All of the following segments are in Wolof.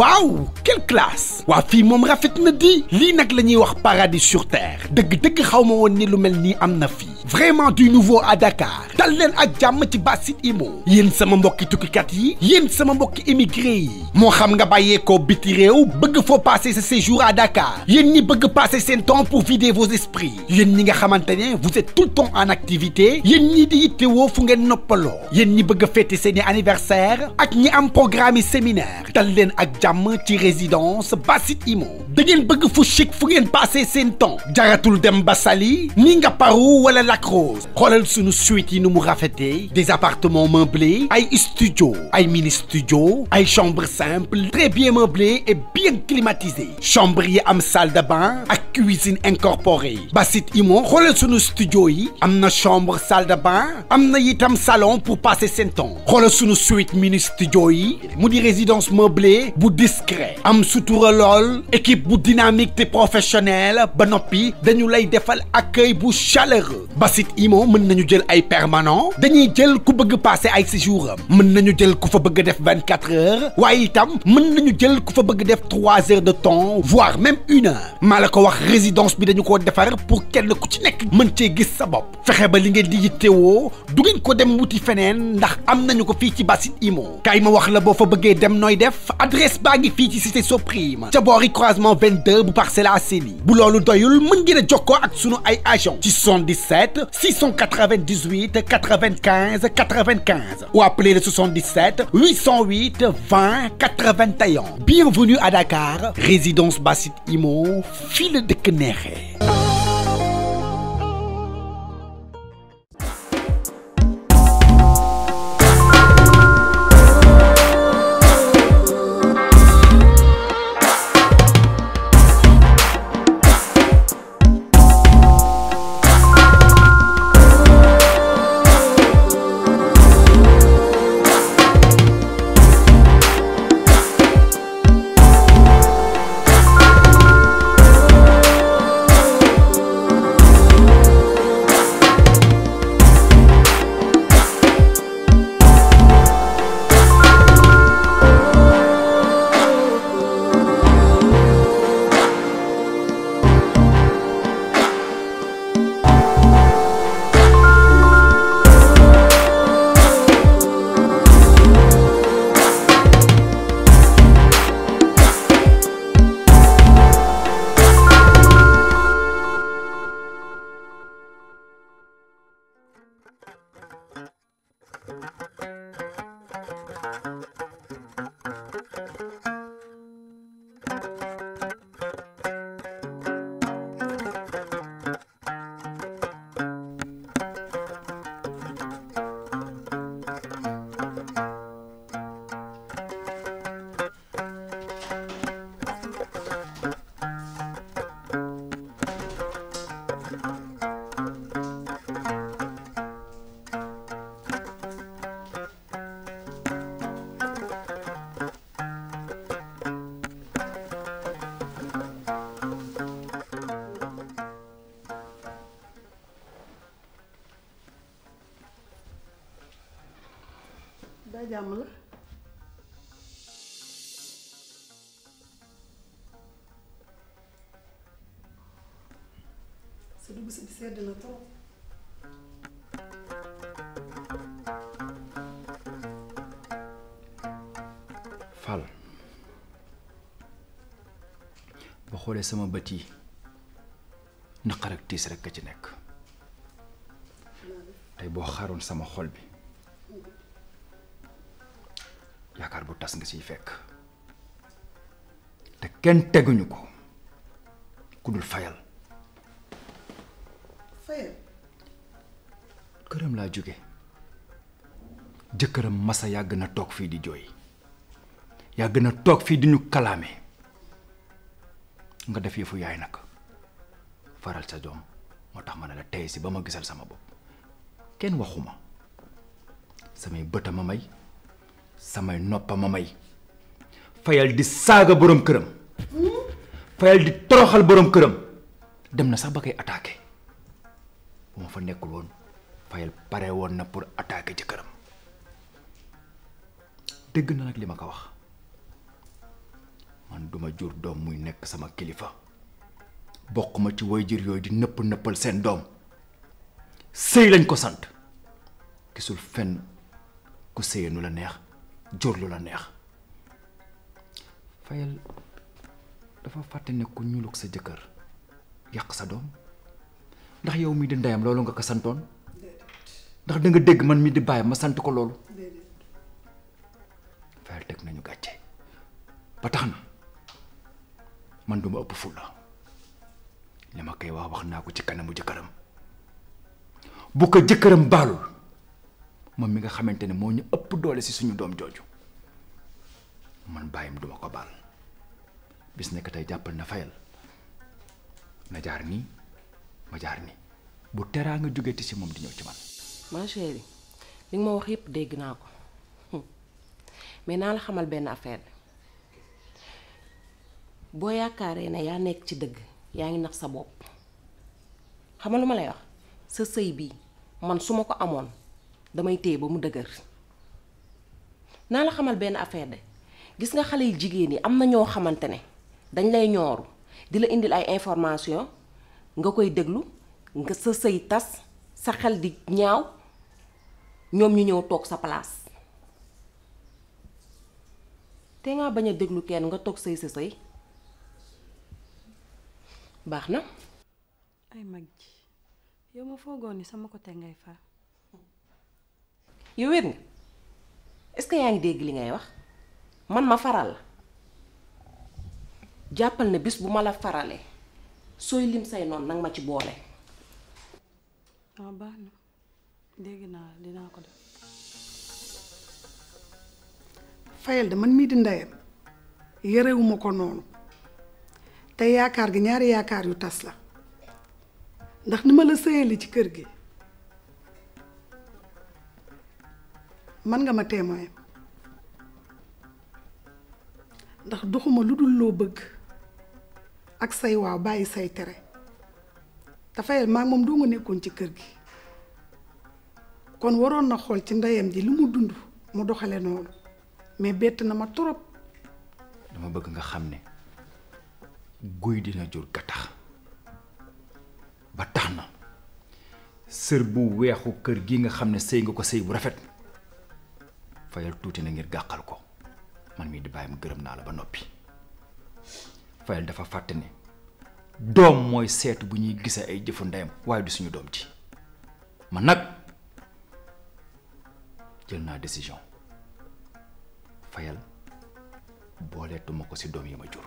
Wow, quelle classe Wa fi mom rafet na di li nak lañuy wax paradis sur terre dëgg-dëgg xawma won ni lu mel ni am vraiment du nouveau à Dakar dal leen ak jamm ci Basit Imo Yeen sama mbokki tukkikat yi yeen sama mbokki immigré yi Mo xam nga ko biti rew, bëgg fo passer ce séjour à Dakar Yeen ni bëgg passer sen temps pour vider vos esprits Yeen ni nga xamante vous êtes tout le temps en activité yeen ni di wo fu ngeen noppalo. Yeen ni bëgg a fêter anniversaire ak ñi am programme séminaire dal leen ak Menti résidence Basit Imo Degen ngeen fou fu chic passer ngeen passé temps jaratul dem Basali. ninga ni nga paru wala Lac Rose xoolal suite yi mou rafete, des appartements meublés ay studio ay mini studio ay chambre simple très bien meublés et bien climatisés. chambre am salle de bain ak cuisine incorporée Basit Imo sou nou studio yi am chambre salle de bain am na itam salon pour passer seen temps sou nou suite mini studio yi mou di résidence meublée vous discret am sutura lol, équipe bu dynamique te professionnel ba noppi dañu lay defal accueil bu chaleureux basit imo mën nañu jël ay permanent dañuy jël ku bëgg passer ay séjour am mën nañu jël ku fa bëgg def 24 quatre heures waaye itam mën nañu jël ku fa bëgg def 3 heures de temps voire même 1 heure Malako la wax résidence bi dañu ko defar pour kenn ku ci nek, mën cee gis sa bopp fexe ba li ngeen di yittewoo du ngeen ko dem wuti fenen, ndax am nañu ko fi ci basit imo kaay ma wax la bo fa bëggee dem noy def adresse Magnifique ici fii ci cité croisement 22 bu Parcelles à bu doyul mungi le joko ak sunu ay agent 617 77 698 95 95 ou appelez le 77 808 20 81 bienvenue à Dakar résidence Bassit Imo file de jàmm la xoolee sama bët yi naqar ak tiis rekk a ci nekk tey boo xaaroon sama xol bi yakar bu tas nga ci fekk te ken teguñu ko kudul fayal fayal këram la jóge jëkkëram massa yag na tok fi di joy yag na tok fi di ñu kalamé nga def yëfu yaay nak faral sa dom motax man la tey ci bama gisal sama bop ken waxuma samay beutama may samay noppa ma may fayal di saaga boroom këram fayal di toroxal boroom këram dem na sax ba koy attaqué bu ma fa nekkul woon fayal pare woon na pour attaqué ci këram dégg na nag li ma ko wax man duma jur doom muy nekk sama kilifa bokk ci ci waajur yooyu di nëpp nëppal seen doom sëy lañ ko sant gisul fenn ku sëye nu la neex Jor lu la neex fayal dafa faté ne ko ñuluk sa jëkkër yaq sa doom ndax yow mi di ndayam lolu nga ko santone ndax da nga dégg man mi di bayam ma sant ko lolu fayal tek nañu gatché ba taxna man duma upp fulla lima kay wax wax na ko ci kanamu bu ko balul mom mi nga xamantene mo ñu ëpp doole ci suñu dom jooju man bàyyim duma ko bal bis nekk tay jappal na fayal na jaar ni ma jaar ni bu tera nga jógeeti ci mom di ñew ci man ma chéri li nga ma wax yépp dégg naa ko hmm. mais naa la xamal benn affaire boo yaakaaree ne yaa nekk ci dëgg yaa ngi nax sa bopp xamal lu lay wax sa sëy bii man su ko amoon damay téy ba mu dëgër na la xamal ben affaire de gis nga xalé yu jigéen yi amna ño xamantene dañ lay ñooru di la indil ay information nga koy déglu nga sa sey tas sa xel di ñaaw ñom ñu ñëw tok sa place té nga baña nga tok sey sey baxna ay magi yow ma foogoon ni sama côté ngay fa yow wér nga est yaa ngi dégg li ngay wax man ma faral la jàppal na bis bu ma la faralee sooy lim say noon nag ma ci boole. waaw ah, naa dinaa ko def. fayal de man mii di ndeyam yarewuma ko noonu te yaakaar gi ñaari yaakaar yu tas la ndax ni ma la sëyali ci kër gi. man nga ma témoin ndax doxuma lu dul loo bëgg ak say waaw bàyyi say tere dafay maa moom doo nga nekkoon ci kër gi kon waroon na xool ci ndeyam ji li mu dund mu doxale noonu mais bett na ma torop dama bëgg nga xam ne guy dina jur gattax ba tax na sër bu weexu kër gi nga xam ne sëy nga ko sëy bu rafet fayal tuuti na ngir gàqal ko man mii di bàyyam gërëm naa la ba noppi fayal dafa fàtte ne doom mooy seetu bu ñuy gisee ay jëfu ndeyam waaye du suñu doom ci man nag jël naa décision fayal booleetuma ko si doom yi ma jur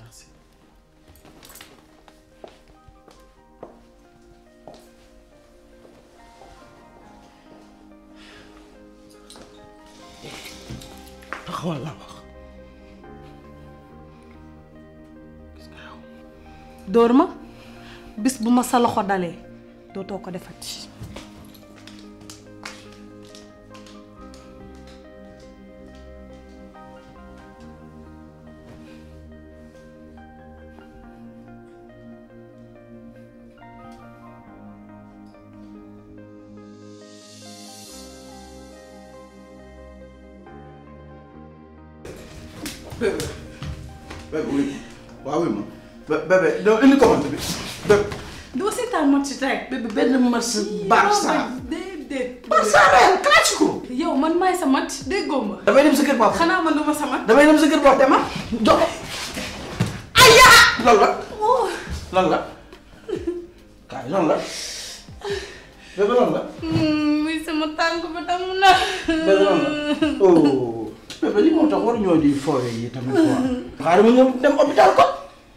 Ah, sim. Rola. Dorma bis bu ma sa loxo dalee dootoo ko defati. wuy oh, ma Bebe, doo indi commande bi bépp. doo Bebe. match tey. bépp benn match Barça. déedéet. Barça Real classico. yow man maay sa match déggoo ma. damay dem sa kër Tapi ini man duma sa match. damay dem sa kër papa dama jox ko. ayya. lan la. Oh. lan la. sama hmm, tànk oh bébé li moo tax waruñoo di fooyee teman tamit quoi. xaaral ma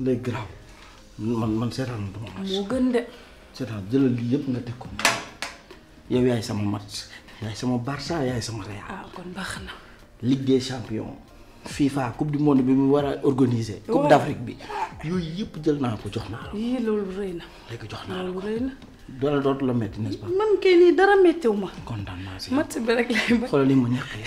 lay garaaw man man seetaan du ma match. moo gën de. seetaan jëlal lii yëpp nga teg ko yow yaay sama match yaay sama Barça yaay sama Real. ah kon baax na. Ligue des champions. FIFA coupe du monde bi mu war a organiser. coupe d'Afrique bi yooyu yëpp jël naa ko jox naa la. yii loolu rëy na. léegi jox naa la ko loolu rëy na. dara dootu la métti n'est-ce pas. man kay nii dara méttiw ma. kontaan naa si match bi rek lay ba. xoolal li ah, ma ñàkkee.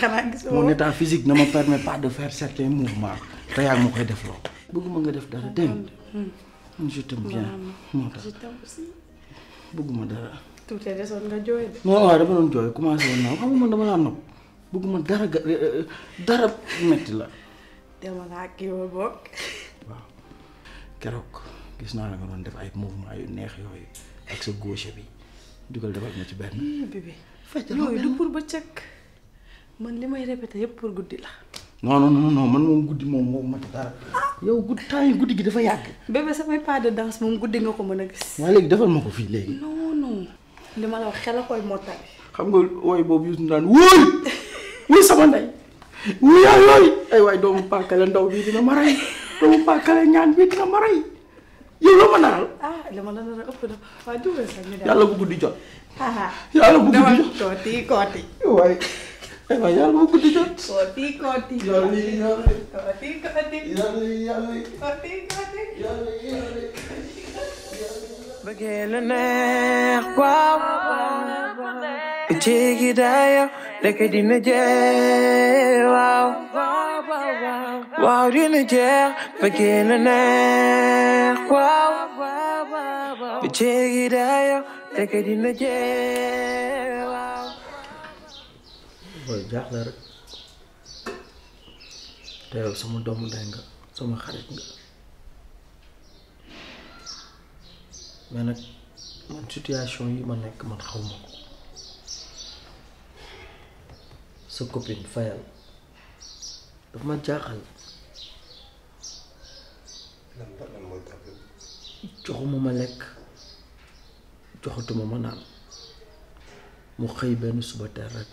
xanaa gis nga mon état physique ne me permet pas de faire certains mouvements te yaa ngi ma koy defloo. bëgguma nga def dara dégg hmm. moo tax bëgguma dara. tuuti desoon nga jooy de. non dama doon jooy commencé naa xam nga man dama laa nopp bëgguma dara euh, euh, dara metti la. dama laa kii bokk. keroog gis naa la nga doon def ay mouvement yu neex yooyu ak sa gauche bi dugal defal ma ci benn. bébé fekk yooyu pour ba cëkk man li may répété yëpp pour guddi la. non non non man moom guddi moom moo mat dara. Ah! yow guddi temps yi guddi gi dafa yàgg. bébé samay pas de danse moom guddi nga ko mën a gis. waaye léegi defal ma ko fii léegi. non non li ma la wax xel a koy mottali. xam nga wooy boobu Youssou naan wuuy wuuy sama ndey wuuy ay yooyu ndaw bi dina ma rey doomu paakale ñaan bi dina ma rey yow la ma naral. ah li ma la naral ëpp na waaye dugal sax ñu. yàlla bu guddi jot. Ah, ah. yàlla bu guddi jot dama tooti kooti. waay. Vaya cutillo. Coti, coti. Yoli, yoli. Coti, coti. Yoli, yoli. Coti, coti. Yoli, yoli. wow. wow. Wow, wow. booy jaaxle rek te yow sama doomu ndey nga sama xarit nga mais nag man situation yi ma nekk man xawma ma ko sa copine fayal dafa ma jaaxal joxuma ma lekk joxatuma ma naan mu xëy benn suba teel rek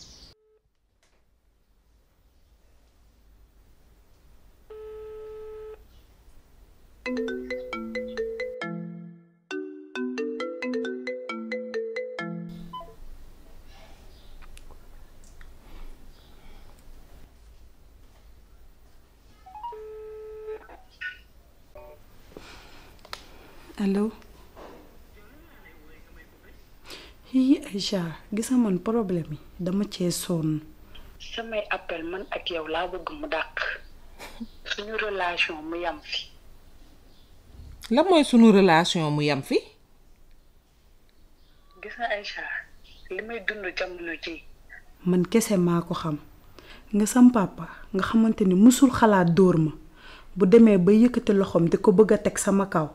ay hi gis gisa man problème yi dama cee sonn samay appel man ak yow laa bëgg mu dàq suñu relation mu yam fi la mooy suñu relation mu yam fi gis nga Aïcha li may dund jamono ji man kese maa ko xam nga sam nga xamante ni mësul xalaat dóor ma bu demee ba yëkkati loxoom di ko bëgg a teg sama kaw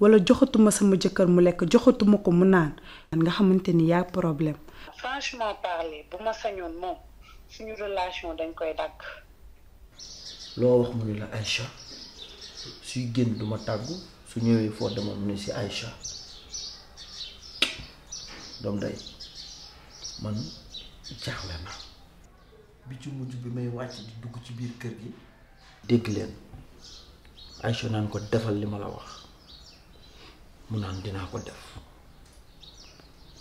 wala joxatuma sama jëkkër mu lekk joxatuma ko mu naan nga xamante ni yaa problème. franchement parler bu ma sañoon moom suñu relation dañ koy dagg. loo wax mu ne la Aïcha suy génn duma tàggu su ñëwee foo demoon mu ne si Aïcha doom day man jaaxle na bi ci mujj bi may wàcc di dugg ci biir kër gi dégg leen Aïcha naan ko defal li ma la wax mu naan dinaa ko def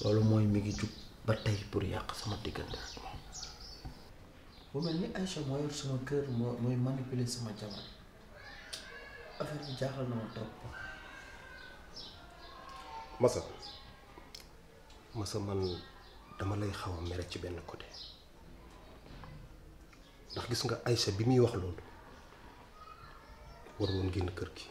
lolou moy mi ngi ba tay pour yak sama digënd ak moom bu melni ni Aïcha moo yor sama cœur moy manipuler sama jaman affaire bi jaxal na ma trop masa masa man dama lay xaw mere ci ben côté ndax gis nga Aïcha bi mi wax lolou war won kër gi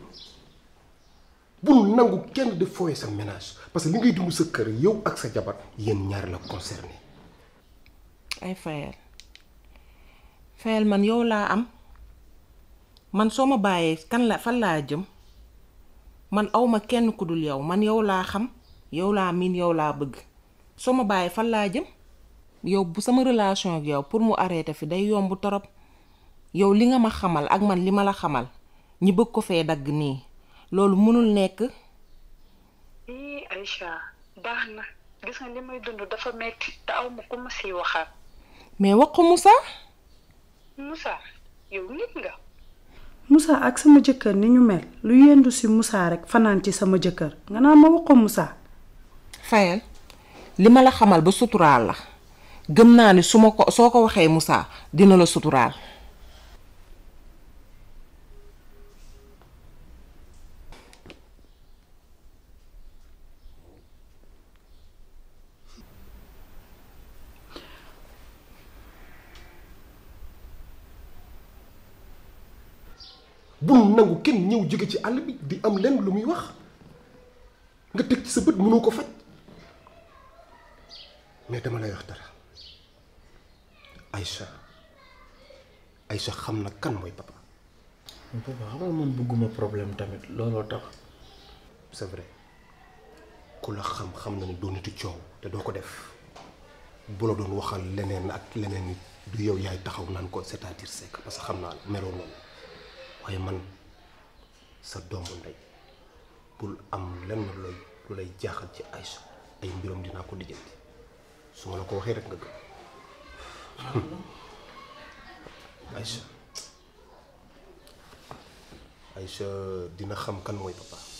bul nangu kenn di foye sa ménage parce que li ngay sa kër yow ak sa jabar yeen ñaar la concerné ay fayal fayal man yow la am man soma baye kan la fan la jëm man awma kenn ku dul yow man yow la xam yow la min yow la bëgg soma baye bàyyee fan laa jëm yow bu sama relation ak yow pour mu arrêter fi day yomb torop yow li nga ma xamal ak man li ma la xamal ñi bëgg ko fee dagg nii loolu mënul nekk. lii ay Aïcha baax na gis nga li may dund dafa metti te aw ma ku ma siy waxaat. mais wax ko Moussa. Moussa yow nit nga. Moussa ak sama jëkkër ni ñu mel lu yendu ci musaa rekk fanaan ci sama jëkkër nga naan ma wax ko Moussa. Fayal li ma la xamal ba suturaal la gëm naa ni su ma ko soo ko waxee Moussa dina la suturaal. nangu kenn ñew jóge ci all bi di am lenn lu muy wax nga tek ci sa bët mënoo ko mais dama lay wax dara Aïcha Aïcha xam kan moy papa. papa xam nga man bëgguma problème tamit tak, tax. c'est vrai ku la xam xam na ni do nitu ciow te do ko def bu la doon waxal leneen ak leneen du yow yaay taxaw nan ko c'est-à-dire c'est parce que xam na non waye man. sa doomu ndey bul am lenn lu lay jaaxal ci Aïcha ay mbiram dinaa ko lijjanti su ma la ko waxee rek nga gëm Aïcha Aïcha dina xam kan mooy papa